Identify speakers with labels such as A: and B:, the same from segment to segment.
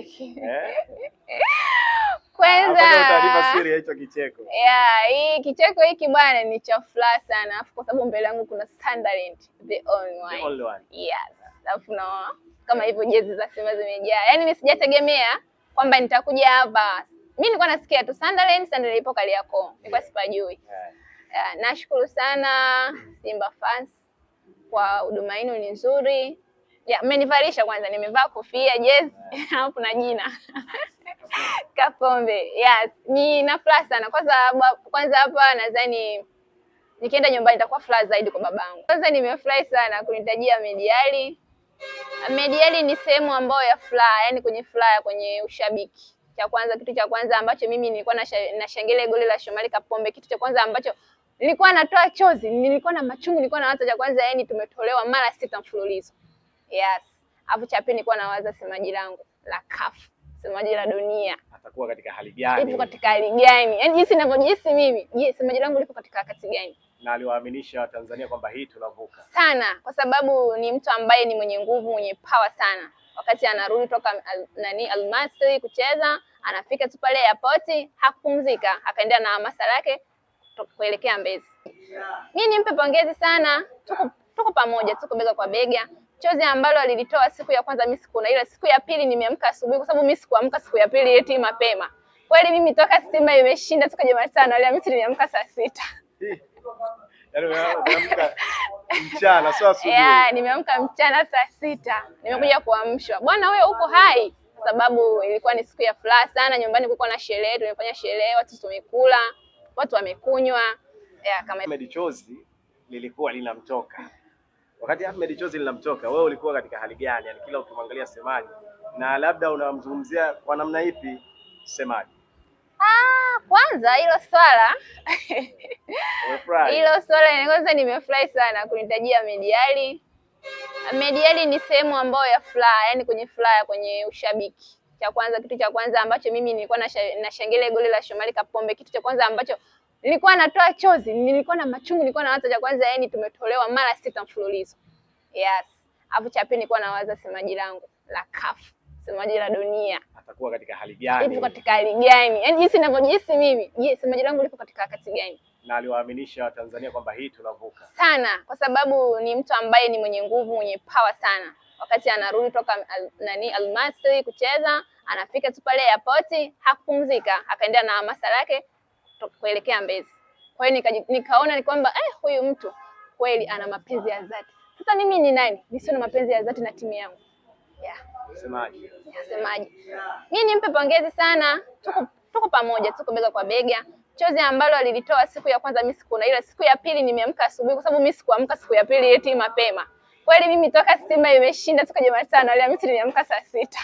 A: Eh? Kwanza yeah, hii kicheko hiki bwana ni cha furaha sana, alafu kwa sababu mbele yangu kuna Sunderland, the only one. Yes. Alafu na kama hivyo jezi za Simba zimejaa, yaani mimi sijategemea kwamba nitakuja hapa. Mimi nilikuwa nasikia tu Sunderland, Sunderland ipo Kariakoo, nilikuwa sipajui. Eh. Nashukuru sana Simba fans kwa huduma yenu, ni nzuri Mmenivalisha kwanza, nimevaa kofia jezi alafu na jina Kapombe. Yes, na furaha sana kwanza. Kwanza hapa nadhani nikienda nyumbani nitakuwa furaha zaidi kwa babangu. Kwanza nimefurahi sana kunitajia Mediali. Mediali ni sehemu ambayo ya furaha, yani kwenye furaha, kwenye ushabiki cha kwanza, kitu cha kwanza ambacho mimi nilikuwa nashangilia goli la Shomari Kapombe, kitu cha kwanza ambacho nilikuwa natoa chozi, nilikuwa na machungu, nilikuwa na watu, cha kwanza yani tumetolewa mara sita mfululizo. Yes. Alafu cha pili nilikuwa nawaza semaji langu la CAF, semaji la dunia.
B: Atakuwa katika hali gani?
A: Ipo katika hali gani? Yaani jinsi ninavyojisi mimi, je, semaji langu lipo katika wakati gani?
B: Na aliwaaminisha Watanzania kwamba hii tunavuka.
A: Sana, kwa sababu ni mtu ambaye ni mwenye nguvu, mwenye power sana. Wakati anarudi toka al, nani Almasri kucheza, anafika tu pale airport, hakupumzika, akaendea na hamasa lake kuelekea Mbezi. Mimi nimpe pongezi sana. Tuko tuko pamoja, tuko bega kwa bega chozi ambalo alilitoa siku ya kwanza mimi sikuona ile siku ya pili nimeamka asubuhi, kwa sababu mimi sikuamka siku ya pili eti mapema. Kweli mimi toka Simba imeshinda toka Jumatano, ila mimi saa sita
B: yaani mchana sio asubuhi.
A: Yeah, nimeamka mchana saa sita nimekuja kuamshwa, bwana wewe uko hai, kwa sababu ilikuwa ni siku ya furaha sana. Nyumbani kulikuwa na sherehe, tumefanya sherehe, watu tumekula, watu wamekunywa.
B: Yeah, kama chozi lilikuwa linamtoka Wakati Ahmed chozi linamtoka, wewe ulikuwa katika hali gani? Yani kila ukimwangalia Semaji na labda unamzungumzia kwa namna ipi Semaji?
A: Ah, kwanza hilo swala hilo swala kwanza, nimefurahi sana kunitajia Mediali. Mediali ni sehemu ambayo ya furaha, yani kwenye furaha, kwenye ushabiki cha kwanza, kitu cha kwanza ambacho mimi nilikuwa nashangilia goli la Shomari Kapombe, kitu cha kwanza ambacho nilikuwa natoa chozi, nilikuwa na machungu, nilikuwa na waza cha kwanza, yani tumetolewa mara sita mfululizo. Yes. Afu cha pili nilikuwa nawaza semaji langu la kafu, semaji la dunia.
B: Atakuwa katika hali gani?
A: Ipo katika hali gani? yani jinsi ninavyojisi mimi, je, semaji langu lipo katika wakati gani?
B: Na aliwaaminisha Watanzania kwamba hii tunavuka.
A: Sana, kwa sababu ni mtu ambaye ni mwenye nguvu, mwenye power sana. Wakati anarudi toka al, nani Almasi kucheza, anafika tu pale airport, hakupumzika, akaendelea na hamasa lake kuelekea Mbezi. Kwa hiyo nika, nikaona ni kwamba eh, huyu mtu kweli ana mapenzi ya dhati. Sasa mimi ni nani nisio na mapenzi ya dhati na timu yangu?
B: Yeah. Semaji.
A: Yeah, semaji. Yeah. Mimi nimpe pongezi sana, tuko tuko pamoja, tuko bega kwa bega. Chozi ambalo alilitoa siku ya kwanza mimi sikuona, ila siku ya pili nimeamka asubuhi, kwa sababu mimi sikuamka siku ya pili eti mapema. Kweli mimi toka Simba imeshinda toka Jumatano, ila mimi saa sita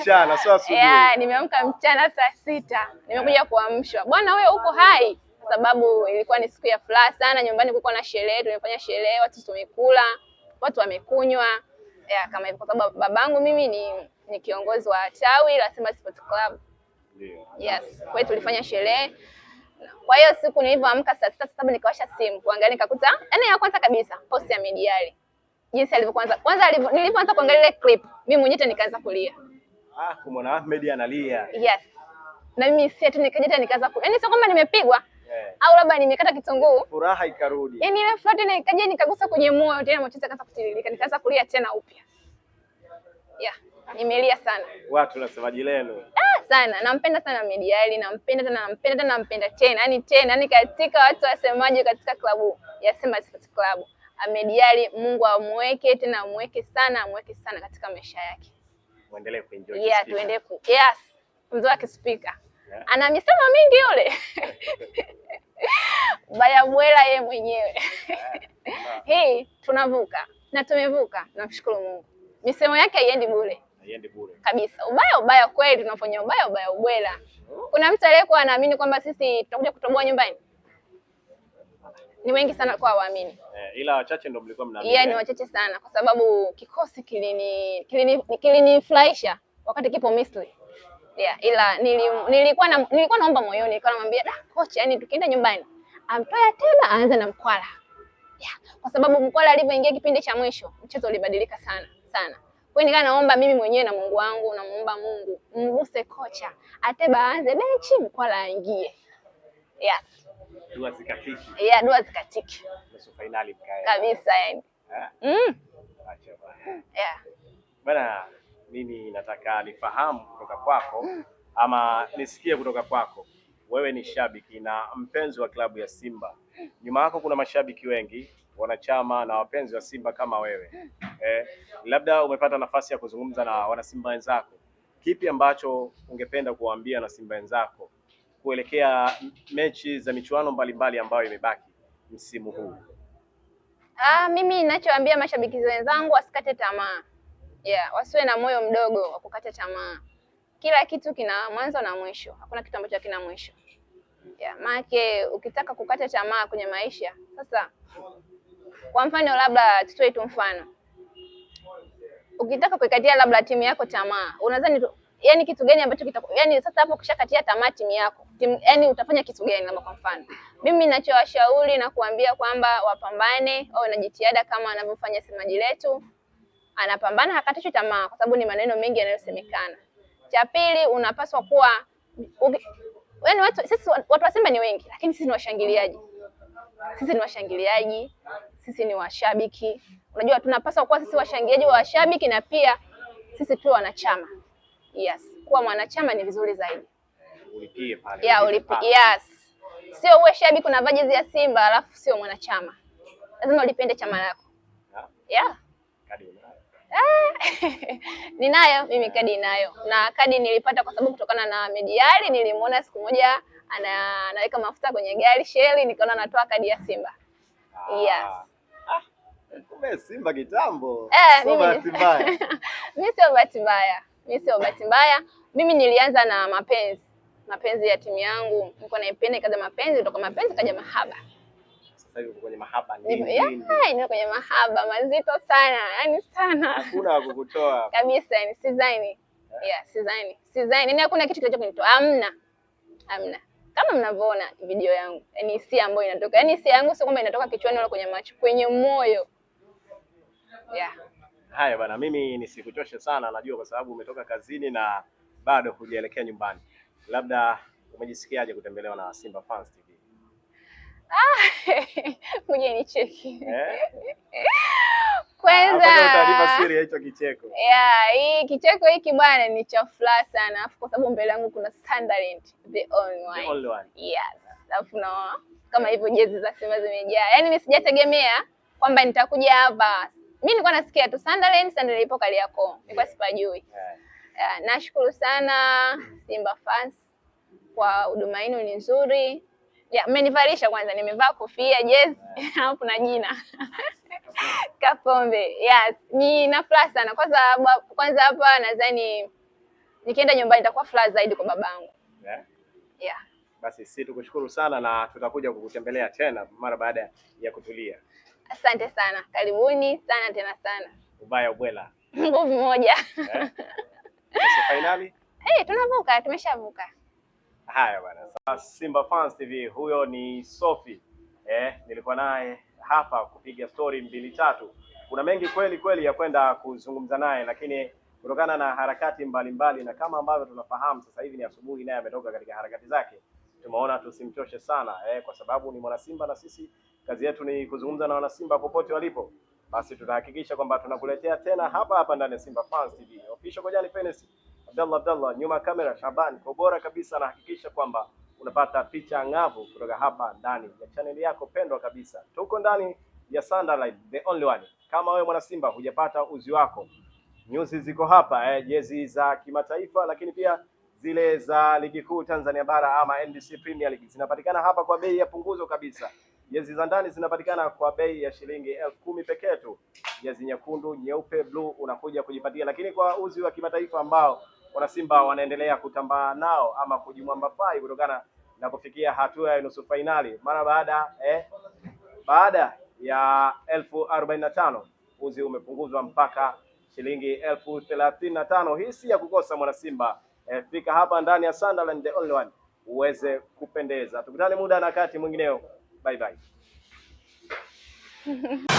B: mchana sio asubuhi.
A: Yeah, nimeamka mchana saa sita nimekuja kuamshwa, bwana wewe uko hai, sababu ilikuwa ni siku ya furaha sana nyumbani, kulikuwa na sherehe, tumefanya sherehe, watu tumekula, watu wamekunywa, yeah, kama hivyo, kwa sababu babangu mimi ni, ni kiongozi wa tawi la Simba Sports Club. Yes, kwa hiyo tulifanya sherehe kwa hiyo siku nilivyoamka saa sita saa saba nikawasha simu kuangalia, nikakuta yani ya kwanza kabisa post ya mediali jinsi alivyoanza kwanza, alivyo nilipoanza kuangalia ile clip, mimi mwenyewe nikaanza kulia.
B: Ah, kumwona Ahmed analia.
A: Yes. Na mimi si eti nikaja tena nikaanza kulia. Yaani sio kwamba nimepigwa yeah, au labda nimekata kitunguu.
B: Furaha ikarudi.
A: Yaani ile furaha tena ikaja nikagusa kwenye moyo tena, machozi yakaanza kutiririka, nikaanza kulia tena upya. Yeah, nimelia sana.
B: Watu nasemaji leo.
A: Ah, sana. Nampenda sana Mediali, nampenda tena, nampenda tena, nampenda tena. Yaani tena, yaani katika watu wasemaje katika klabu ya Simba Sports Club amediali. Mungu amuweke tena, amweke sana, amuweke sana katika maisha yake.
B: Muendelee kuenjoy. Yeah, tuendelee ku
A: yes, mzee wake yeah. Ana misemo mingi yule mwela yeye mwenyewe yeah. Hii tunavuka na tumevuka, namshukuru Mungu. Misemo yake haiendi bure kabisa ubaya ubaya kweli, tunafanya ubaya ubaya ubwela. Kuna mtu aliyekuwa anaamini kwamba sisi tutakuja kutoboa nyumbani ni wengi sana kwa waamini
B: eh, ila wachache ndio mlikuwa mnaamini.
A: Yeah, yaani ni wachache sana kwa sababu kikosi kilini kilinifurahisha kilini wakati kipo Misri. Yeah, ila nili, nilikuwa na, nilikuwa naomba moyoni nilikuwa namwambia da coach, yani tukienda nyumbani amtoa tena aanze na Mkwala. Yeah, kwa sababu Mkwala alivyoingia kipindi cha mwisho mchezo ulibadilika sana sana. Kwa hiyo naomba mimi mwenyewe na Mungu wangu namuomba Mungu mguse kocha, Ateba aanze benchi, Mkwala aingie. Yeah
B: dua zikatiki.
A: Yeah, dua zikatiki.
B: Nusu finali mkae.
A: Kabisa yani.
B: Eh? Mm. Acha bwana. Yeah. Bwana mimi nataka nifahamu kutoka kwako ama nisikie kutoka kwako. Wewe ni shabiki na mpenzi wa klabu ya Simba. Nyuma yako kuna mashabiki wengi, wanachama na wapenzi wa Simba kama wewe. Eh, labda umepata nafasi ya kuzungumza na wanasimba wenzako. Kipi ambacho ungependa kuwaambia na Simba wenzako kuelekea mechi za michuano mbalimbali ambayo imebaki msimu huu?
A: Ah, mimi ninachoambia mashabiki wenzangu wasikate tamaa. Yeah, wasiwe na moyo mdogo wa kukata tamaa. Kila kitu kina mwanzo na mwisho, hakuna kitu ambacho hakina mwisho. Yeah, maake ukitaka kukata tamaa kwenye maisha sasa, kwa mfano labda tutoe tu mfano, ukitaka kuikatia labda timu yako tamaa unadhani, yani kitu gani ambacho kita, yani sasa hapo ukishakatia tamaa timu yako yani utafanya kitu gani? Labda kwa mfano, mimi ninachowashauri na kuambia kwamba wapambane, wawe na jitihada kama anavyofanya semaji letu, anapambana hakatishi tamaa, kwa sababu ni maneno mengi yanayosemekana. Cha pili, unapaswa kuwa yani watu, sisi watu wa Simba ni wengi, lakini sisi ni washangiliaji, sisi ni washangiliaji, sisi ni washabiki. Unajua, tunapaswa kuwa sisi washangiliaji wa washabiki, na pia sisi tu wanachama. Yes, kuwa mwanachama ni vizuri zaidi
B: ulipie pale.
A: Yeah, ulipi, yes. Sio uwe shabiki kuna vajizi ya Simba alafu sio mwanachama, lazima ulipende chama lako. Yeah. Eh. Ninayo mimi kadi inayo na kadi nilipata kwa sababu kutokana na Mediali nilimwona siku moja ana, anaweka mafuta kwenye gari sheli, nikaona anatoa kadi ya Simba. Ah. Yes.
B: Ah, kumbe Simba kitambo.
A: Eh, mimi bahati mbaya. Mimi sio bahati mbaya. Mimi sio bahati mbaya. Mimi nilianza na mapenzi mapenzi ya timu yangu, niko naipenda, ikaja mapenzi, kutoka mapenzi kaja mahaba.
B: Sasa hivi kwenye mahaba ni
A: yaani, kwenye mahaba mazito sana, yani sana,
B: hakuna kukutoa
A: kabisa, yani sizani eh. yeah, sizani sizani, yani hakuna kitu kilicho kunitoa, amna amna kama mnavyoona video yangu, yani hisia ambayo inatoka, yani hisia yangu sio kwamba inatoka kichwani wala kwenye macho, kwenye moyo yeah.
B: Haya bana, mimi nisikuchoshe sana, najua kwa sababu umetoka kazini na bado hujaelekea nyumbani. Labda umejisikiaje kutembelewa na Simba Fans TV?
A: Ah, kuja nicheki eh? kwanza.
B: Ah, hicho kicheko
A: Yeah, hii kicheko hiki bwana ni cha furaha sana, afu kwa sababu mbele yangu kuna Sunderland, the only one. The only one. Yes. Alafu na kama hivyo jezi za Simba zimejaa, yaani mimi sijategemea kwamba nitakuja hapa. Mimi nilikuwa nasikia tu Sunderland, Sunderland ipo Kariakoo, nilikuwa sipajui yeah. Eh, nashukuru sana Simba fans kwa huduma yenu, ni nzuri. Mmenivalisha kwanza, nimevaa kofia jezi alafu na jina Kapombe. Yes, na furaha sana kwanza. Kwanza hapa nadhani nikienda nyumbani nitakuwa furaha zaidi kwa babangu yeah. Yeah.
B: Basi sisi tukushukuru sana na tutakuja kukutembelea tena mara baada ya kutulia.
A: Asante sana, karibuni sana tena sana.
B: Ubaya ubwela
A: nguvu moja. Eh? Eh, tunavuka, tumeshavuka.
B: Haya bwana. Simba Fans TV huyo ni Sophie. Eh, nilikuwa naye hapa kupiga story mbili tatu. Kuna mengi kweli kweli ya kwenda kuzungumza naye, lakini kutokana na harakati mbalimbali mbali, na kama ambavyo tunafahamu sasa hivi ni asubuhi, naye ametoka katika harakati zake, tumeona tusimchoshe sana eh, kwa sababu ni mwanasimba na sisi kazi yetu ni kuzungumza na wanasimba popote walipo. Basi tutahakikisha kwamba tunakuletea tena hapa hapa ndani ya Simba Fans TV official Kojani Fenesi. Abdallah Abdallah, nyuma ya kamera Shaban, kwa kabisa anahakikisha kwamba unapata picha ngavu kutoka hapa ndani ya chaneli yako pendwa kabisa. Tuko ndani ya Sunderland, the only one. Kama wewe mwana Simba hujapata uzi wako, nyuzi ziko hapa eh, jezi za kimataifa, lakini pia zile za ligi kuu Tanzania bara ama NBC Premier League zinapatikana hapa kwa bei ya punguzo kabisa. Jezi za ndani zinapatikana kwa bei ya shilingi elfu kumi pekee tu. Jezi nyekundu, nyeupe, bluu unakuja kujipatia, lakini kwa uzi wa kimataifa ambao wanasimba wanaendelea kutambaa nao ama kujimwamba fai kutokana na kufikia hatua ya nusu fainali mara baada eh, baada ya elfu arobaini na tano uzi umepunguzwa mpaka shilingi elfu thelathini na tano. Hii si ya kukosa mwanasimba. eh, fika hapa ndani ya Sunderland the only one uweze kupendeza. Tukutane muda na wakati mwingineo, bye bye.